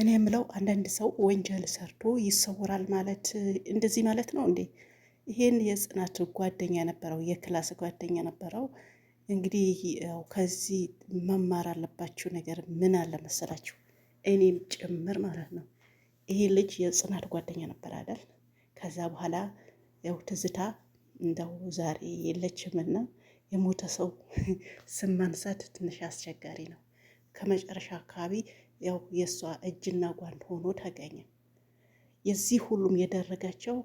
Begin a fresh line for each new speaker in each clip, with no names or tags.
እኔ የምለው አንዳንድ ሰው ወንጀል ሰርቶ ይሰወራል ማለት እንደዚህ ማለት ነው እንዴ? ይሄን የጽናት ጓደኛ ነበረው፣ የክላስ ጓደኛ ነበረው። እንግዲህ ያው ከዚህ መማር አለባችሁ ነገር ምን አለ መሰላችሁ፣ እኔም ጭምር ማለት ነው። ይሄ ልጅ የጽናት ጓደኛ ነበር አይደል? ከዛ በኋላ ያው ትዝታ እንደው ዛሬ የለችምና የሞተ ሰው ስም ማንሳት ትንሽ አስቸጋሪ ነው። ከመጨረሻ አካባቢ ያው የእሷ እጅና ጓንድ ሆኖ ተገኘ። የዚህ ሁሉም የደረጋቸው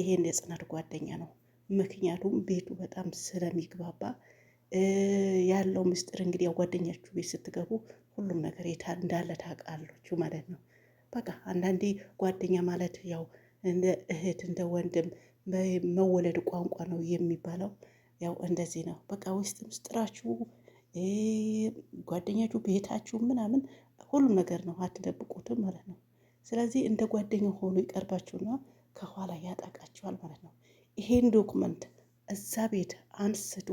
ይሄን የጽናት ጓደኛ ነው። ምክንያቱም ቤቱ በጣም ስለሚግባባ ያለው ምስጢር እንግዲህ ያው ጓደኛችሁ ቤት ስትገቡ ሁሉም ነገር እንዳለ ታውቃለች ማለት ነው። በቃ አንዳንዴ ጓደኛ ማለት ያው እንደ እህት እንደ ወንድም መወለድ ቋንቋ ነው የሚባለው። ያው እንደዚህ ነው። በቃ ውስጥ ምስጢራችሁ ጓደኛችሁ ቤታችሁ ምናምን ሁሉም ነገር ነው፣ አትደብቁትም ማለት ነው። ስለዚህ እንደ ጓደኛው ሆኖ ይቀርባችሁና ከኋላ ያጠቃችኋል ማለት ነው። ይሄን ዶክመንት እዛ ቤት አንስቶ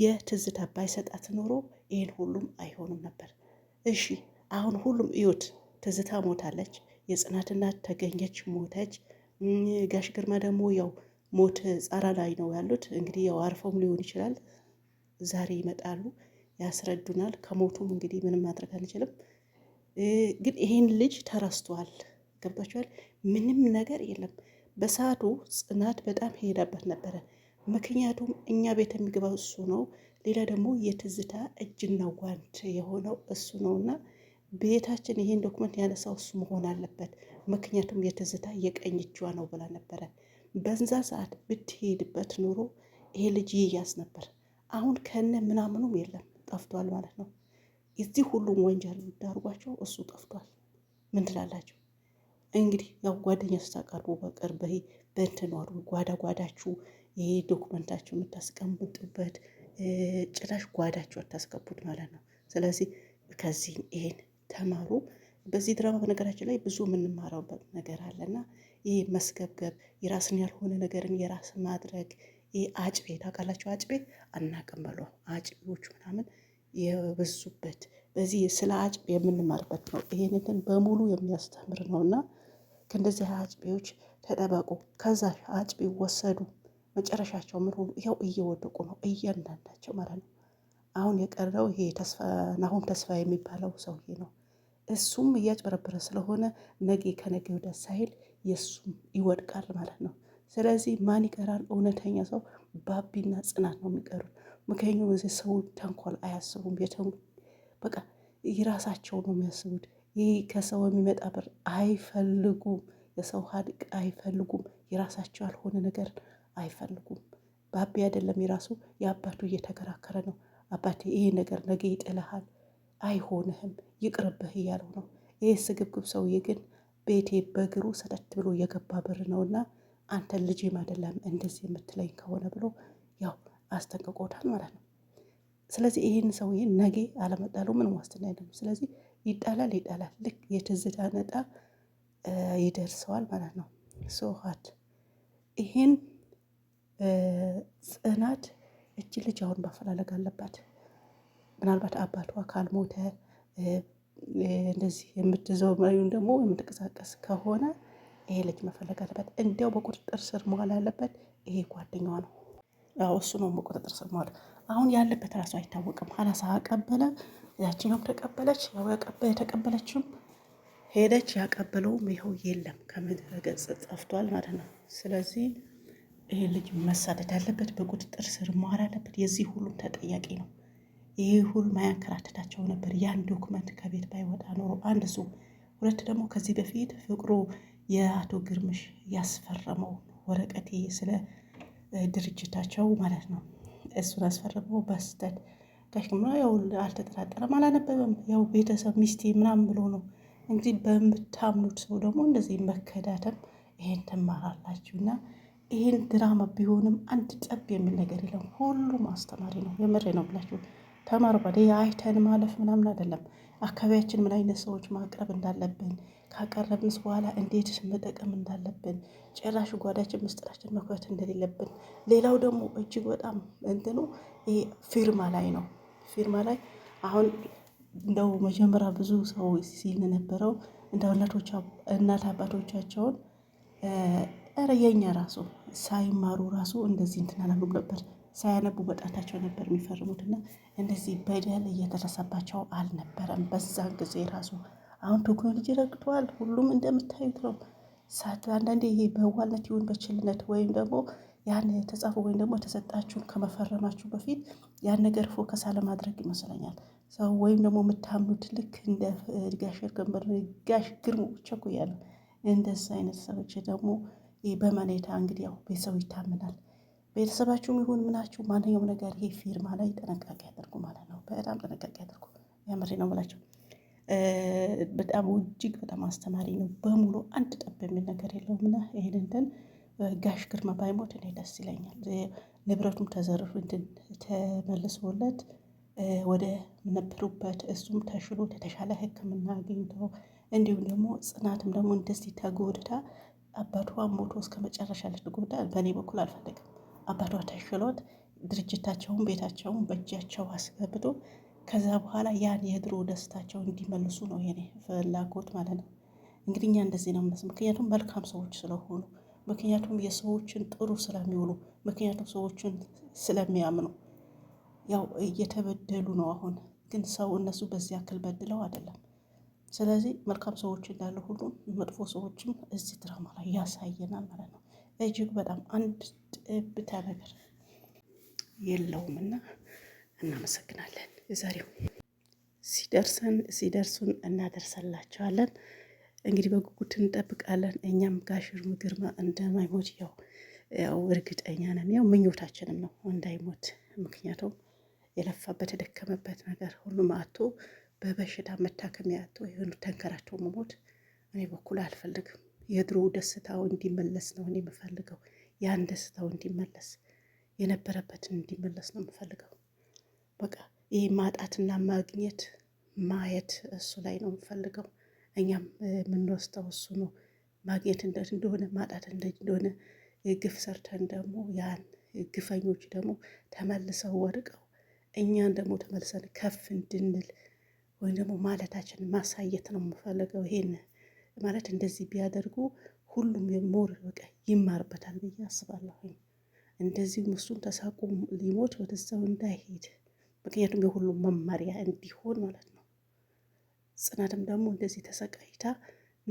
የትዝታ ባይሰጣት ኖሮ ይህን ሁሉም አይሆንም ነበር። እሺ አሁን ሁሉም እዩት። ትዝታ ሞታለች፣ የጽናት እናት ተገኘች፣ ሞተች። ጋሽ ግርማ ደግሞ ያው ሞት ጸራ ላይ ነው ያሉት። እንግዲህ ያው አርፎም ሊሆን ይችላል ዛሬ ይመጣሉ። ያስረዱናል። ከሞቱም እንግዲህ ምንም ማድረግ አንችልም። ግን ይሄን ልጅ ተረስቷል። ገብቷችኋል? ምንም ነገር የለም። በሰዓቱ ጽናት በጣም ሄዳበት ነበረ። ምክንያቱም እኛ ቤት የሚገባው እሱ ነው። ሌላ ደግሞ የትዝታ እጅና ጓንት የሆነው እሱ ነው እና ቤታችን ይሄን ዶክመንት ያነሳው እሱ መሆን አለበት። ምክንያቱም የትዝታ የቀኝ እጇ ነው ብላ ነበረ። በዛ ሰዓት ብትሄድበት ኑሮ ይሄ ልጅ ይያዝ ነበር። አሁን ከነ ምናምኑም የለም። ጠፍቷል ማለት ነው። እዚህ ሁሉም ወንጀል ዳርጓቸው እሱ ጠፍቷል። ምን ትላላችሁ? እንግዲህ ያው ጓደኛ ስታቀርቡ በቅርብ በእንትን አድርጉ ጓዳ ጓዳችሁ ይሄ ዶክመንታችሁ የምታስቀምጡበት ጭላሽ ጓዳችሁ አታስገቡት ማለት ነው። ስለዚህ ከዚህ ይሄን ተማሩ። በዚህ ድራማ በነገራችን ላይ ብዙ የምንማረውበት ነገር አለና ይህ መስገብገብ፣ የራስን ያልሆነ ነገርን የራስ ማድረግ፣ ይህ አጭቤ ታውቃላችሁ፣ አጭቤ አናቅም በሏ አጭቤዎች ምናምን የበሱበት በዚህ ስለ አጭቤ የምንማርበት ነው። ይሄንን በሙሉ የሚያስተምር ነው እና ከእንደዚህ አጭቤዎች ተጠበቁ። ከዛ አጭቤ ወሰዱ መጨረሻቸው ምን ሆኑ? ያው እየወደቁ ነው እያንዳንዳቸው ማለት ነው። አሁን የቀረው ይሄ ናሁም ተስፋ የሚባለው ሰውዬ ነው። እሱም እያጭበረበረ ስለሆነ ነገ ከነጌ ወደ ሳይል የእሱም ይወድቃል ማለት ነው። ስለዚህ ማን ይቀራል? እውነተኛ ሰው ባቢና ጽናት ነው የሚቀሩት። ምክንያቱም እዚህ ሰው ተንኮል አያስቡም። በቃ የራሳቸው ነው የሚያስቡት። ይህ ከሰው የሚመጣ ብር አይፈልጉም። የሰው ሀድቅ አይፈልጉም። የራሳቸው ያልሆነ ነገር አይፈልጉም። ባቤ አይደለም የራሱ የአባቱ እየተከራከረ ነው። አባቴ ይሄ ነገር ነገ ይጥልሃል፣ አይሆንህም፣ ይቅርብህ እያለው ነው። ይህ ስግብግብ ሰውዬ ግን ቤቴ በእግሩ ሰጠት ብሎ የገባ ብር ነውና አንተን ልጅም አይደለም እንደዚህ የምትለኝ ከሆነ ብሎ ያው አስጠንቅቆታል ማለት ነው። ስለዚህ ይህን ሰውዬ ነገ አለመጣሉ ምንም ዋስትና አይደለም። ስለዚህ ይጣላል ይጣላል፣ ልክ የትዝታ ነጣ ይደርሰዋል ማለት ነው። ሶሀት ይህን ጽናት እች ልጅ አሁን ማፈላለግ አለባት። ምናልባት አባቷ ካልሞተ እንደዚህ የምትዘው መሪውን ደግሞ የምትንቀሳቀስ ከሆነ ይሄ ልጅ መፈለግ አለበት። እንዲያው በቁጥጥር ስር መዋል አለበት። ይሄ ጓደኛዋ ነው። ያው እሱ ነው በቁጥጥር ስር ማዋል። አሁን ያለበት ራሱ አይታወቅም። ሀላሳ አቀበለ፣ ያችኛውም ተቀበለች፣ ያው የተቀበለችም ሄደች፣ ያቀበለውም ይኸው የለም ከምድረ ገጽ ጠፍቷል ማለት ነው። ስለዚህ ይሄ ልጅ መሳደድ አለበት፣ በቁጥጥር ስር መዋል አለበት። የዚህ ሁሉም ተጠያቂ ነው። ይሄ ሁሉ አያንከራተታቸው ነበር ያን ዶክመንት ከቤት ባይወጣ ኖሮ አንድ እሱ፣ ሁለት ደግሞ ከዚህ በፊት ፍቅሩ የአቶ ግርምሽ ያስፈረመው ወረቀቴ ስለ ድርጅታቸው ማለት ነው። እሱን አስፈርመው በስተት ጋሽ ግርማ ያው አልተጠራጠረም፣ አላነበበም። ያው ቤተሰብ ሚስቴ ምናምን ብሎ ነው እንግዲህ። በምታምኑት ሰው ደግሞ እንደዚህ መከዳተም ይሄን ትማራላችሁ እና ይሄን ድራማ ቢሆንም አንድ ጠብ የሚል ነገር የለም። ሁሉም አስተማሪ ነው። የምሬ ነው ብላችሁ ተማሩ። ባደ ማለፍ ምናምን አይደለም። አካባቢያችን ምን አይነት ሰዎች ማቅረብ እንዳለብን ካቀረብንስ በኋላ እንዴት መጠቀም እንዳለብን ጭራሽ ጓዳችን ምስጢራችን መኩረት እንደሌለብን። ሌላው ደግሞ እጅግ በጣም እንትኑ ይሄ ፊርማ ላይ ነው። ፊርማ ላይ አሁን እንደው መጀመሪያ ብዙ ሰው ሲል ነበረው እንደ እናት አባቶቻቸውን ኧረ የኛ ራሱ ሳይማሩ ራሱ እንደዚህ እንትን አላሉም ነበር ሳያነቡ በጣታቸው ነበር የሚፈርሙትና እንደዚህ በደል እየደረሰባቸው አልነበረም በዛን ጊዜ ራሱ አሁን ቴክኖሎጂ ረግቷል። ሁሉም እንደምታዩት ነው። ሳት አንዳንዴ ይሄ በዋልነት ይሁን በችልነት ወይም ደግሞ ያን የተጻፈ ወይም ደግሞ የተሰጣችሁን ከመፈረማችሁ በፊት ያን ነገር ፎከስ አለማድረግ ይመስለኛል። ሰው ወይም ደግሞ የምታምኑት ልክ እንደ ጋሽ ገንበር ጋሽ ግርሙ ያለ እንደዛ አይነት ሰዎች ደግሞ በመኔታ እንግዲህ ያው ቤተሰቡ ይታምናል። ቤተሰባችሁም ይሁን ምናችሁ ማንኛውም ነገር ይሄ ፊርማ ላይ ጥንቃቄ ያደርጉ ማለት ነው። በጣም ጥንቃቄ ያደርጉ። የምሬ ነው የምላቸው በጣም እጅግ በጣም አስተማሪ ነው። በሙሉ አንድ ጠብ የሚል ነገር የለውም እና ይሄን እንትን ጋሽ ግርማ ባይሞት እኔ ደስ ይለኛል። ንብረቱም ተዘርፉ እንትን ተመልሶለት ወደ ነበሩበት እሱም ተሽሎ የተሻለ ሕክምና አግኝቶ እንዲሁም ደግሞ ጽናትም ደግሞ እንደዚህ ተጎድታ አባቷ ሞቶ እስከ መጨረሻ ልትጎዳ በእኔ በኩል አልፈልግም። አባቷ ተሽሎት ድርጅታቸውን ቤታቸውን በእጃቸው አስገብቶ ከዛ በኋላ ያን የድሮ ደስታቸው እንዲመልሱ ነው የኔ ፍላጎት ማለት ነው። እንግዲህ እኛ እንደዚህ ነው ምናስ ምክንያቱም መልካም ሰዎች ስለሆኑ ምክንያቱም የሰዎችን ጥሩ ስለሚውሉ ምክንያቱም ሰዎችን ስለሚያምኑ ያው እየተበደሉ ነው። አሁን ግን ሰው እነሱ በዚህ ያክል በድለው አይደለም። ስለዚህ መልካም ሰዎች እንዳለ ሁሉ መጥፎ ሰዎችም እዚህ ድራማ ላይ ያሳየናል ማለት ነው። እጅግ በጣም አንድ ጥብታ ነገር የለውምና እናመሰግናለን። የዛሬው ሲደርሰን ሲደርሱን እናደርሰላቸዋለን። እንግዲህ በጉጉት እንጠብቃለን። እኛም ጋሽር ግርማ እንደማይሞት ያው ያው እርግጠኛ ነን። ያው ምኞታችንም ነው እንዳይሞት። ምክንያቱም የለፋበት የደከመበት ነገር ሁሉም አቶ በበሽታ መታከሚያ አቶ የሆኑ ተንከራቶ መሞት እኔ በኩል አልፈልግም። የድሮ ደስታው እንዲመለስ ነው እኔ የምፈልገው። ያን ደስታው እንዲመለስ የነበረበትን እንዲመለስ ነው የምፈልገው በቃ ይህ ማጣትና ማግኘት ማየት እሱ ላይ ነው የምፈልገው። እኛም የምንወስደው እሱ ነው። ማግኘት እንደሆነ ማጣት እንደሆነ ግፍ ሰርተን ደግሞ ያን ግፈኞች ደግሞ ተመልሰው ወድቀው እኛን ደግሞ ተመልሰን ከፍ እንድንል ወይም ደግሞ ማለታችን ማሳየት ነው የምፈልገው። ይሄን ማለት እንደዚህ ቢያደርጉ ሁሉም የሞር በቃ ይማርበታል ብዬ አስባለሁ። እንደዚሁም እሱን ተሳቁ ሊሞት ወደዛው እንዳይሄድ ምክንያቱም የሁሉ መመሪያ እንዲሆን ማለት ነው። ጽናትም ደግሞ እንደዚህ ተሰቃይታ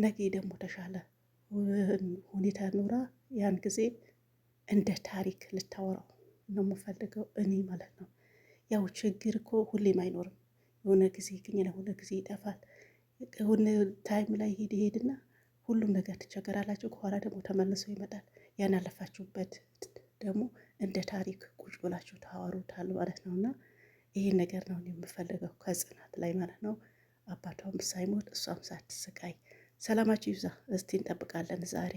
ነገ ደግሞ ተሻለ ሁኔታ ኑራ ያን ጊዜ እንደ ታሪክ ልታወራው ነው የምፈልገው እኔ ማለት ነው። ያው ችግር እኮ ሁሌም አይኖርም። የሆነ ጊዜ ይገኛል፣ የሆነ ጊዜ ይጠፋል። የሆነ ታይም ላይ ሄድ ሄድና ሁሉም ነገር ትቸገራላችሁ። ከኋላ ደግሞ ተመልሶ ይመጣል። ያን ያለፋችሁበት ደግሞ እንደ ታሪክ ቁጭ ብላችሁ ታወሩታል ማለት ነው እና ይሄ ነገር ነው የምፈልገው ከጽናት ላይ ማለት ነው። አባቷም ሳይሞት እሷም ሳትስቃይ ሰላማችሁ ይብዛ። እስቲ እንጠብቃለን ዛሬ